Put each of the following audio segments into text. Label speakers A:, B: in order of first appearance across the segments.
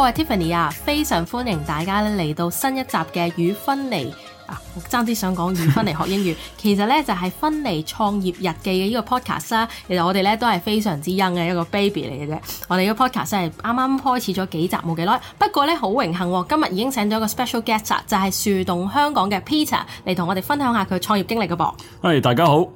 A: 我係 Tiffany 啊，非常歡迎大家咧嚟到新一集嘅與芬妮啊！我爭啲想講與芬妮學英語， 其實咧就係、是、芬妮創業日記嘅呢個 podcast 啦。其實我哋咧都係非常之 young 嘅一個 baby 嚟嘅啫，我哋個 podcast 係啱啱開始咗幾集冇幾耐。不過咧好榮幸，今日已經請咗一個 special guest，就係樹洞香港嘅 Peter 嚟同我哋分享下佢創業經歷嘅噃。
B: 誒，hey, 大家好。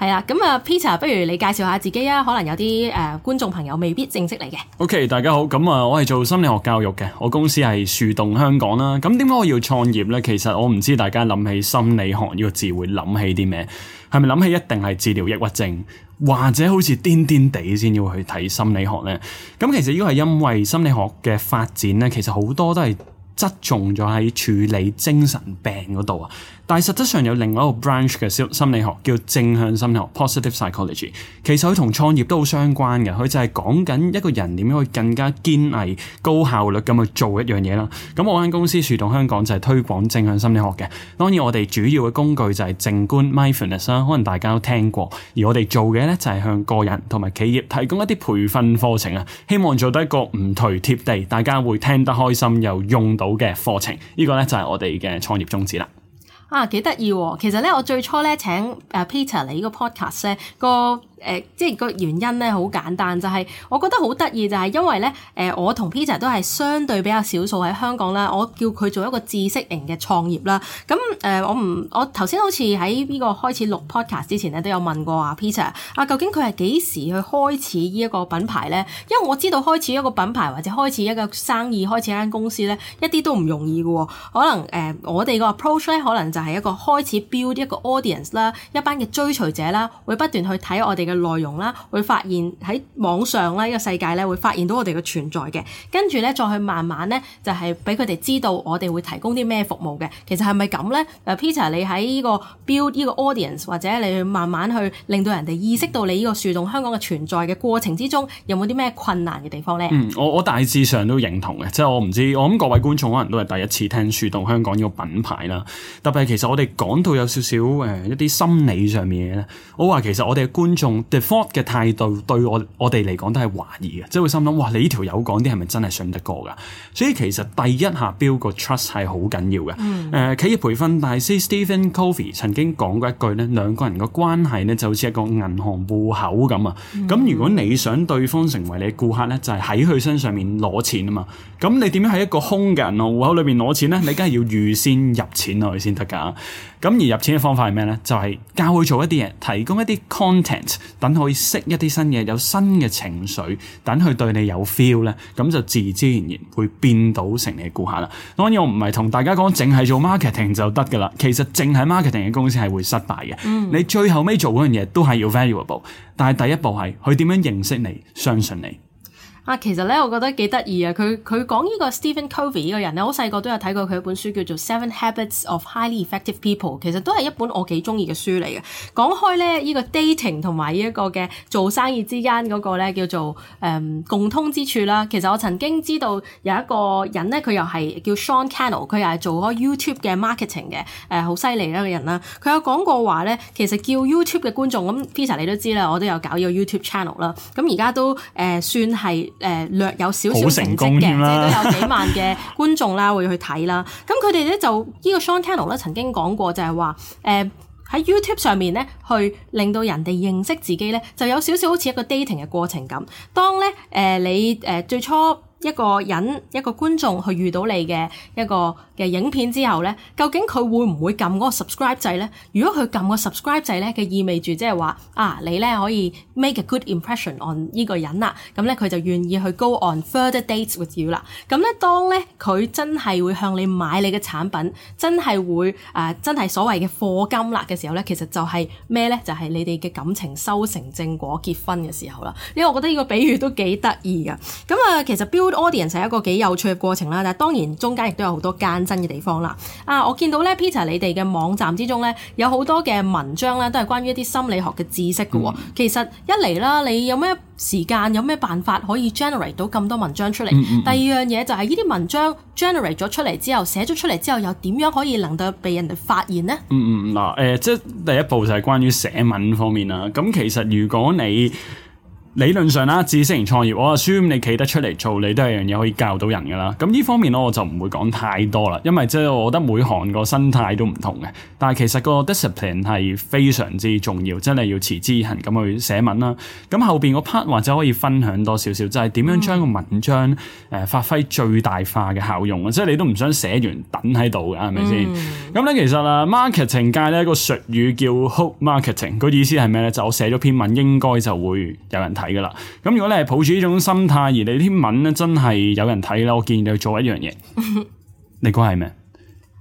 A: 係啊，咁啊，Peter，不如你介紹下自己啊，可能有啲誒、呃、觀眾朋友未必正式嚟嘅。
B: OK，大家好，咁啊，我係做心理學教育嘅，我公司係樹洞香港啦。咁點解我要創業呢？其實我唔知大家諗起心理學呢個字會諗起啲咩？係咪諗起一定係治療抑鬱症，或者好似癲癲地先要去睇心理學呢？咁其實呢個係因為心理學嘅發展呢，其實好多都係。側重咗喺處理精神病嗰度啊，但係實質上有另外一個 branch 嘅心理學叫正向心理學 （positive psychology）。其實佢同創業都好相關嘅，佢就係講緊一個人點樣去更加堅毅、高效率咁去做一樣嘢啦。咁我間公司樹棟香港就係推廣正向心理學嘅。當然，我哋主要嘅工具就係正觀 m i f u l n e s s 可能大家都聽過。而我哋做嘅呢，就係向個人同埋企業提供一啲培訓課程啊，希望做得一個唔頹貼地，大家會聽得開心又用到。好嘅課程，呢個咧就係我哋嘅創業宗旨啦。
A: 啊，幾得意！其實咧，我最初咧請誒 Peter 嚟呢個 podcast 咧個。誒、呃，即係個原因咧，好簡單，就係、是、我覺得好得意，就係、是、因為咧，誒、呃，我同 Peter 都係相對比較少數喺香港啦。我叫佢做一個知識型嘅創業啦。咁誒、呃，我唔，我頭先好似喺呢個開始錄 podcast 之前咧，都有問過 Peter，啊 Peter 啊，究竟佢係幾時去開始呢一個品牌咧？因為我知道開始一個品牌或者開始一個生意、開始一間公司咧，一啲都唔容易嘅喎、哦。可能誒、呃、我哋個 approach 咧，可能就係一個開始 build 一個 audience 啦，一班嘅追隨者啦，會不斷去睇我哋。嘅內容啦，會發現喺網上啦。呢個世界咧，會發現到我哋嘅存在嘅。跟住咧，再去慢慢咧，就係俾佢哋知道我哋會提供啲咩服務嘅。其實係咪咁咧？誒，Peter，你喺呢個 build 呢個 audience，或者你去慢慢去令到人哋意識到你呢個樹洞香港嘅存在嘅過程之中，有冇啲咩困難嘅地方咧？嗯，
B: 我我大致上都認同嘅，即係我唔知，我諗各位觀眾可能都係第一次聽樹洞香港呢個品牌啦。特別係其實我哋講到有少少誒一啲、呃、心理上面嘅，我話其實我哋嘅觀眾。default 嘅態度對我我哋嚟講都係懷疑嘅，即係會心諗：哇，你呢條友講啲係咪真係信得過㗎？所以其實第一下 build 個 trust 係好緊要嘅。誒、嗯呃，企業培訓大師 Stephen Covey 曾經講過一句咧，兩個人嘅關係呢，就好似一個銀行戶口咁啊。咁、嗯、如果你想對方成為你顧客呢，就係喺佢身上面攞錢啊嘛。咁你點樣喺一個空嘅銀行戶口裏面攞錢呢？你梗係要預先入錢落去先得㗎。咁而入錢嘅方法係咩呢？就係教佢做一啲嘢，提供一啲 content。等佢識一啲新嘢，有新嘅情緒，等佢對你有 feel 咧，咁就自自然然會變到成你顧客啦。當然我唔係同大家講淨係做 marketing 就得噶啦，其實淨係 marketing 嘅公司係會失敗嘅。嗯、你最後尾做嗰樣嘢都係要 valuable，但係第一步係佢點樣認識你、相信你。
A: 啊，其實咧，我覺得幾得意啊！佢佢講呢個 Stephen Covey 呢個人咧，好細個都有睇過佢一本書叫做《Seven Habits of Highly Effective People》，其實都係一本我幾中意嘅書嚟嘅。講開咧，呢個 dating 同埋呢一個嘅做生意之間嗰個咧叫做誒、嗯、共通之處啦。其實我曾經知道有一個人咧，佢又係叫 Sean Cannell，佢又係做開 YouTube 嘅 marketing 嘅，誒好犀利一個人啦。佢有講過話咧，其實叫 YouTube 嘅觀眾咁、嗯，Peter 你都知啦，我都有搞呢個 YouTube channel 啦。咁而家都誒、呃、算係。誒略有少少，少成績嘅，即係都有幾萬嘅觀眾啦，會去睇啦。咁佢哋咧就呢、這個 Sean Cannell 咧曾經講過就，就、呃、係話誒喺 YouTube 上面咧，去令到人哋認識自己咧，就有少少好似一個 dating 嘅過程咁。當咧誒、呃、你誒、呃、最初。一個人一個觀眾去遇到你嘅一個嘅影片之後咧，究竟佢會唔會撳個 subscribe 掣咧？如果佢撳個 subscribe 掣咧，佢意味住即係話啊，你咧可以 make a good impression on 呢個人啦，咁咧佢就願意去 go on further dates with you 啦。咁咧當咧佢真係會向你買你嘅產品，真係會誒、呃、真係所謂嘅課金啦嘅時候咧，其實就係咩咧？就係、是、你哋嘅感情修成正果結婚嘅時候啦。因為我覺得呢個比喻都幾得意噶咁啊，其實標 Audience 係一個幾有趣嘅過程啦，但係當然中間亦都有好多艱辛嘅地方啦。啊，我見到咧，Peter，你哋嘅網站之中咧，有好多嘅文章咧，都係關於一啲心理學嘅知識嘅、哦。嗯、其實一嚟啦，你有咩時間，有咩辦法可以 generate 到咁多文章出嚟？嗯嗯、第二樣嘢就係呢啲文章 generate 咗出嚟之後，寫咗出嚟之後，又點樣可以能夠被人哋發現呢？嗯
B: 嗯，嗱、嗯，誒、呃，即係第一步就係關於寫文方面啦。咁其實如果你理論上啦，知識型創業，我 assume 你企得出嚟做，你都係一樣嘢可以教到人噶啦。咁呢方面我就唔會講太多啦，因為即係我覺得每行個生態都唔同嘅。但係其實個 discipline 係非常之重要，真係要持之以恆咁去寫文啦。咁後邊個 part 或者可以分享多少少，就係、是、點樣將個文章誒發揮最大化嘅效用、mm hmm. 即係你都唔想寫完等喺度㗎，係咪先？咁咧、mm hmm. 其實啊，marketing 界咧個術語叫 hook marketing，個意思係咩咧？就我寫咗篇文應該就會有人睇噶啦，咁如果你係抱住呢種心態，而你啲文咧真係有人睇啦，我建議你做一樣嘢， 你估係咩？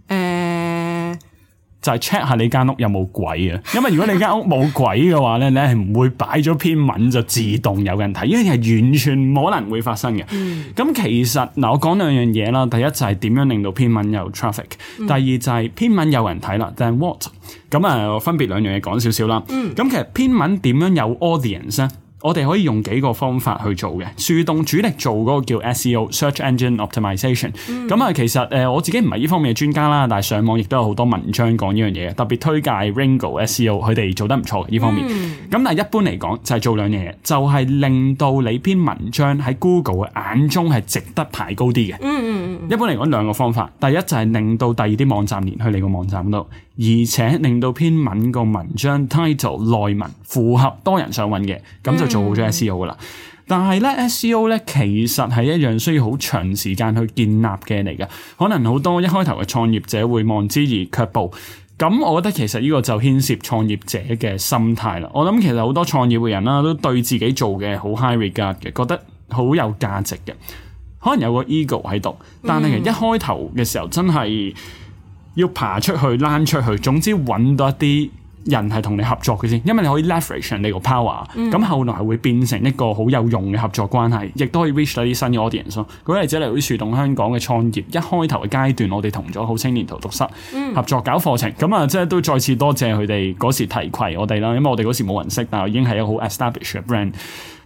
B: 誒， 就係 check 下你間屋有冇鬼啊！因為如果你間屋冇鬼嘅話咧，你係唔會擺咗篇文就自動有人睇，因為係完全冇可能會發生嘅。咁、嗯、其實嗱，我講兩樣嘢啦，第一就係、是、點樣令到篇文有 traffic，第二就係、是、篇文有人睇啦。Then what？咁啊，我分別兩樣嘢講少少啦。咁、嗯、其實篇文點樣有 audience 咧？我哋可以用幾個方法去做嘅，樹洞主力做嗰個叫 SEO（Search Engine Optimization）、嗯。咁啊，其實誒我自己唔係呢方面嘅專家啦，但係上網亦都有好多文章講呢樣嘢，特別推介 Ringo SEO，佢哋做得唔錯嘅呢方面。咁、嗯、但係一般嚟講就係、是、做兩樣嘢，就係、是、令到你篇文章喺 Google 嘅眼中係值得排高啲嘅、嗯。嗯嗯嗯。一般嚟講兩個方法，第一就係令到第二啲網站連去你個網站度。而且令到篇文個文章 title 內文符合多人想揾嘅，咁就做好咗 SEO 㗎喇。 但係呢 SEO 呢，其實係一樣需要好長時間去建立嘅嚟嘅，可能好多一開頭嘅創業者會望之而卻步。咁我覺得其實呢個就牽涉創業者嘅心態啦。我諗其實好多創業嘅人啦，都對自己做嘅好 high regard 嘅，覺得好有價值嘅，可能有個 ego 喺度。但係其實一開頭嘅時候真係。 要爬出去，拉出去，總之揾到一啲人係同你合作嘅先，因為你可以 leverage 你個 power。咁、嗯、後來係會變成一個好有用嘅合作關係，亦都可以 reach 到啲新嘅 audience 咯。舉例者嚟，好似樹洞香港嘅創業，一開頭嘅階段，我哋同咗好青年荼毒室、嗯、合作搞課程，咁啊，即係都再次多謝佢哋嗰時提攜我哋啦，因為我哋嗰時冇人識，但係已經係一個好 established brand。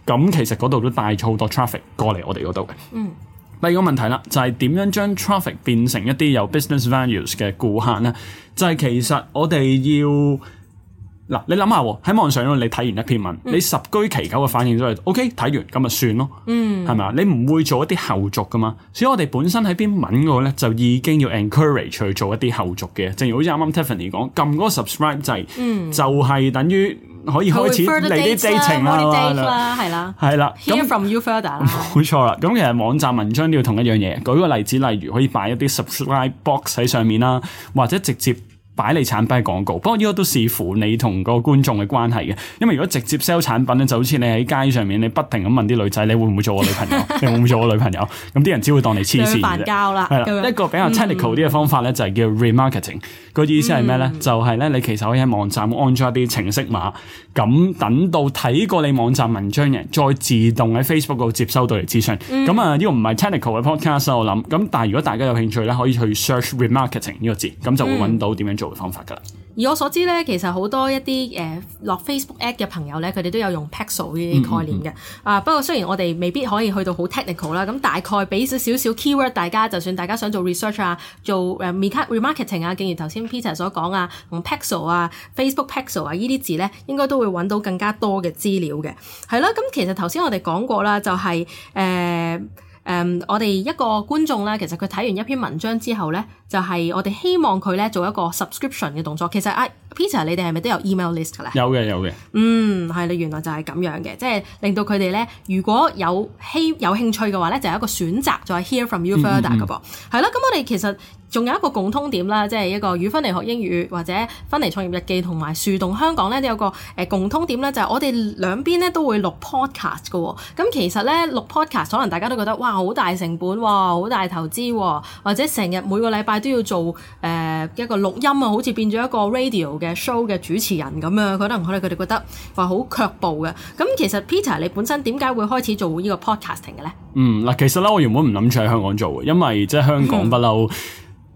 B: 咁其實嗰度都帶咗好多 traffic 過嚟我哋嗰度嘅。嗯。第二個問題啦，就係、是、點樣將 traffic、er、變成一啲有 business values 嘅顧客咧？就係、是、其實我哋要嗱、啊，你諗下喺網上你睇完一篇文，嗯、你十居其九嘅反應都係 O K，睇完咁咪算咯，嗯，係咪啊？你唔會做一啲後續噶嘛？所以我哋本身喺篇文度咧，就已經要 encourage 去做一啲後續嘅，正如好似啱啱 Tiffany 講，撳嗰個 subscribe 掣、嗯、就係，就係等於。可以開始嚟啲旅程啦，係啦，係啦。
A: 咁 from you further，
B: 冇錯啦。咁其實網站文章要同一樣嘢。舉個例子，例如可以擺一啲 subscribe box 喺上面啦，或者直接，擺你產品嘅廣告，不過呢個都視乎你同個觀眾嘅關係嘅。因為如果直接 sell 產品咧，就好似你喺街上面，你不停咁問啲女仔，你會唔會做我女朋友？ 你會唔會做我女朋友？咁啲人只會當你黐線。一個比較 technical 啲嘅方法咧、嗯，就係叫 remarketing。個意思係咩咧？就係咧，你其實可以喺網站安裝一啲程式碼，咁、嗯、等到睇過你網站文章嘅人，再自動喺 Facebook 度接收到嚟諮詢。咁、嗯、啊，呢、呢個唔係 technical 嘅 podcast 我諗。咁但係如果大家有興趣咧，可以去 search remarketing 呢個字，咁就會揾到點樣做方
A: 法㗎。而我所知咧，其實好多一啲誒、呃、落 Facebook App 嘅朋友咧，佢哋都有用 Pixel 呢啲概念嘅。嗯嗯嗯啊，不過雖然我哋未必可以去到好 technical 啦，咁大概俾少少少 keyword，大家就算大家想做 research 啊，做誒、呃、re marketing 啊，正如頭先 Peter 所講啊，用 Pixel 啊、Facebook Pixel 啊呢啲字咧，應該都會揾到更加多嘅資料嘅。係啦，咁其實頭先我哋講過啦，就係、是、誒。呃誒，um, 我哋一個觀眾咧，其實佢睇完一篇文章之後咧，就係、是、我哋希望佢咧做一個 subscription 嘅動作。其實阿、啊、Peter，你哋係咪都有 email list 嘅咧？
B: 有嘅，
A: 有嘅。嗯，係啦，原來就係咁樣嘅，即係令到佢哋咧，如果有希有，有興趣嘅話咧，就有一個選擇，就係、是、hear from you further 嘅噃。係啦，咁我哋其實。仲有一個共通點啦，即係一個語分離學英語或者分離創業日記同埋樹洞香港咧，都有個誒共通點咧，就係我哋兩邊咧都會錄 podcast 嘅。咁其實咧錄 podcast，可能大家都覺得哇，好大成本喎，好大投資喎，或者成日每個禮拜都要做誒一個錄音啊，好似變咗一個 radio 嘅 show 嘅主持人咁樣。可能佢哋覺得話好卻步嘅。咁其實 Peter，你本身點解會開始做呢個 podcasting 嘅咧？
B: 嗯，嗱，其實咧我原本唔諗住喺香港做嘅，因為即係香港不嬲。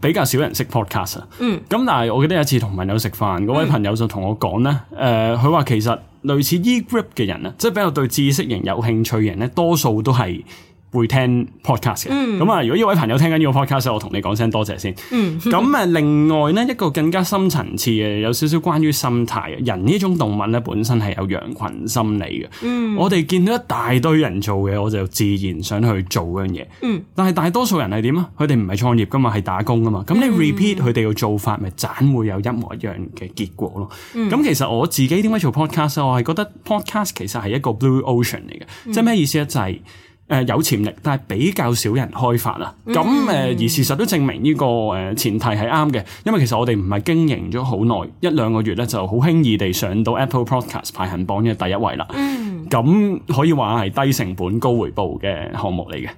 B: 比較少人識 podcast 啊，咁、嗯、但係我記得有一次同朋友食飯，嗰位朋友就同我講咧，誒佢話其實類似 Egroup 嘅人咧，即係比較對知識型有興趣嘅人咧，多數都係會聽 podcast 嘅，咁啊、嗯，如果呢位朋友聽緊呢個 podcast，我同你講聲多謝先。咁啊、嗯，嗯、另外呢一個更加深層次嘅，有少少關於心態啊，人呢種動物咧本身係有羊群心理嘅。嗯、我哋見到一大堆人做嘅，我就自然想去做嗰樣嘢。嗯、但係大多數人係點啊？佢哋唔係創業噶嘛，係打工噶嘛。咁、嗯、你 repeat 佢哋嘅做法，咪盞、嗯、會有一模一樣嘅結果咯。咁、嗯嗯、其實我自己點解做 podcast 咧？我係覺得 podcast 其實係一個 blue ocean 嚟嘅，即係咩意思咧？就係、係。就係誒、呃、有潛力，但係比較少人開發啦。咁誒、呃、而事實都證明呢、這個誒、呃、前提係啱嘅，因為其實我哋唔係經營咗好耐一兩個月咧，就好輕易地上到 Apple Podcast 排行榜嘅第一位啦。咁、嗯、可以話係低成本高回報嘅項目嚟嘅。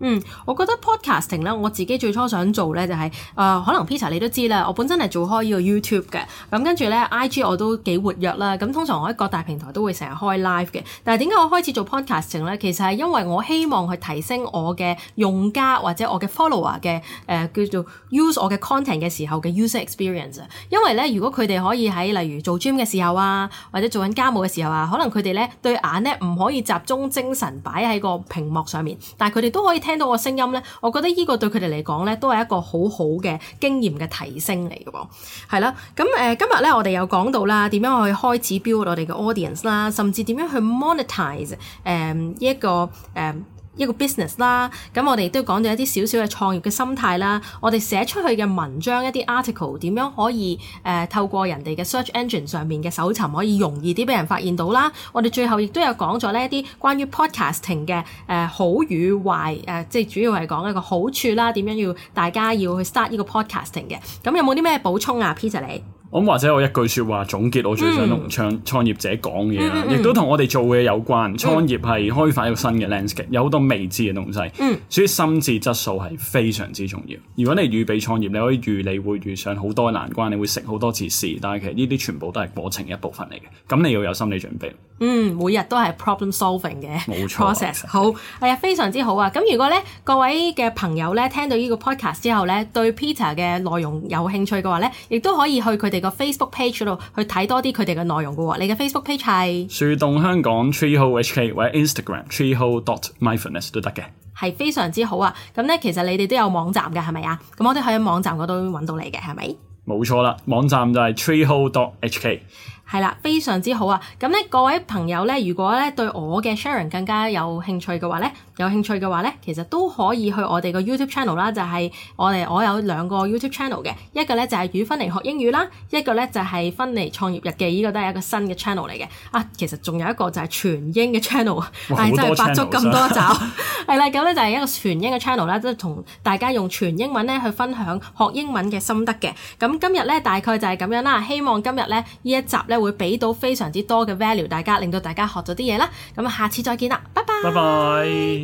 A: 嗯，我覺得 podcasting 咧，我自己最初想做咧就係、是，誒、呃、可能 Peter 你都知啦，我本身係做開個、嗯、呢個 YouTube 嘅，咁跟住咧 IG 我都幾活躍啦，咁、嗯、通常我喺各大平台都會成日開 live 嘅。但係點解我開始做 podcasting 咧？其實係因為我希望去提升我嘅用家或者我嘅 follower 嘅誒、呃、叫做 use 我嘅 content 嘅時候嘅 user experience 啊。因為咧，如果佢哋可以喺例如做 gym 嘅時候啊，或者做緊家務嘅時候啊，可能佢哋咧對眼咧唔可以集中精神擺喺個屏幕上面，但係佢哋都可以。聽到個聲音咧，我覺得呢個對佢哋嚟講咧，都係一個好好嘅經驗嘅提升嚟嘅喎，係啦。咁誒、呃，今日咧我哋又講到啦，點樣去開始 build 我哋嘅 audience 啦，甚至點樣去 monetize 誒、呃、依一個誒。呃一個 business 啦，咁我哋亦都講咗一啲少少嘅創業嘅心態啦。我哋寫出去嘅文章一啲 article 點樣可以誒、呃、透過人哋嘅 search engine 上面嘅搜尋可以容易啲俾人發現到啦。我哋最後亦都有講咗呢一啲關於 podcasting 嘅誒、呃、好與壞誒，即係主要係講一個好處啦，點樣要大家要去 start 呢個 podcasting 嘅。咁有冇啲咩補充啊，Peter 你？
B: 咁或者我一句説話總結我最想同創創業者講嘢啦，嗯、亦都同我哋做嘢有關。創業係開發一個新嘅 landscape，嗯、有好多未知嘅東西。嗯，所以心智質素係非常之重要。如果你預備創業，你可以預你會遇上好多難關，你會食好多次屎，但係其實呢啲全部都係過程一部分嚟嘅。咁你要有心理準備。嗯，
A: 每日都係 problem solving 嘅冇錯 process。好，係、哎、啊，非常之好啊。咁如果咧各位嘅朋友咧聽到呢個 podcast 之後咧，對 Peter 嘅內容有興趣嘅話咧，亦都可以去佢哋。個 Facebook page 度去睇多啲佢哋嘅內容噶喎。你嘅 Facebook page 係
B: 樹洞香港 Tree Hole HK 或者 Instagram Tree Hole dot Mindfulness 都得嘅，
A: 係非常之好啊！咁咧，其實你哋都有網站嘅係咪啊？咁我哋可以喺網站嗰度搵到你嘅係咪？
B: 冇錯啦，網站就係 Tree Hole dot HK，
A: 係啦，非常之好啊！咁咧，各位朋友咧，如果咧對我嘅 sharing 更加有興趣嘅話咧。有興趣嘅話咧，其實都可以去我哋個 YouTube channel 啦，就係我哋我有兩個 YouTube channel 嘅，一個咧就係與芬嚟學英語啦，一個咧就係芬嚟創業日記，呢個都係一個新嘅 channel 嚟嘅。啊，其實仲有一個就係全英嘅 channel，哇但係真係百足咁多爪，係啦， 咁咧就係一個全英嘅 channel 啦，都同大家用全英文咧去分享學英文嘅心得嘅。咁今日咧大概就係咁樣啦，希望今日咧呢一集咧會俾到非常之多嘅 value，大家令到大家學咗啲嘢啦。咁下次再見啦，拜
B: 拜。拜拜。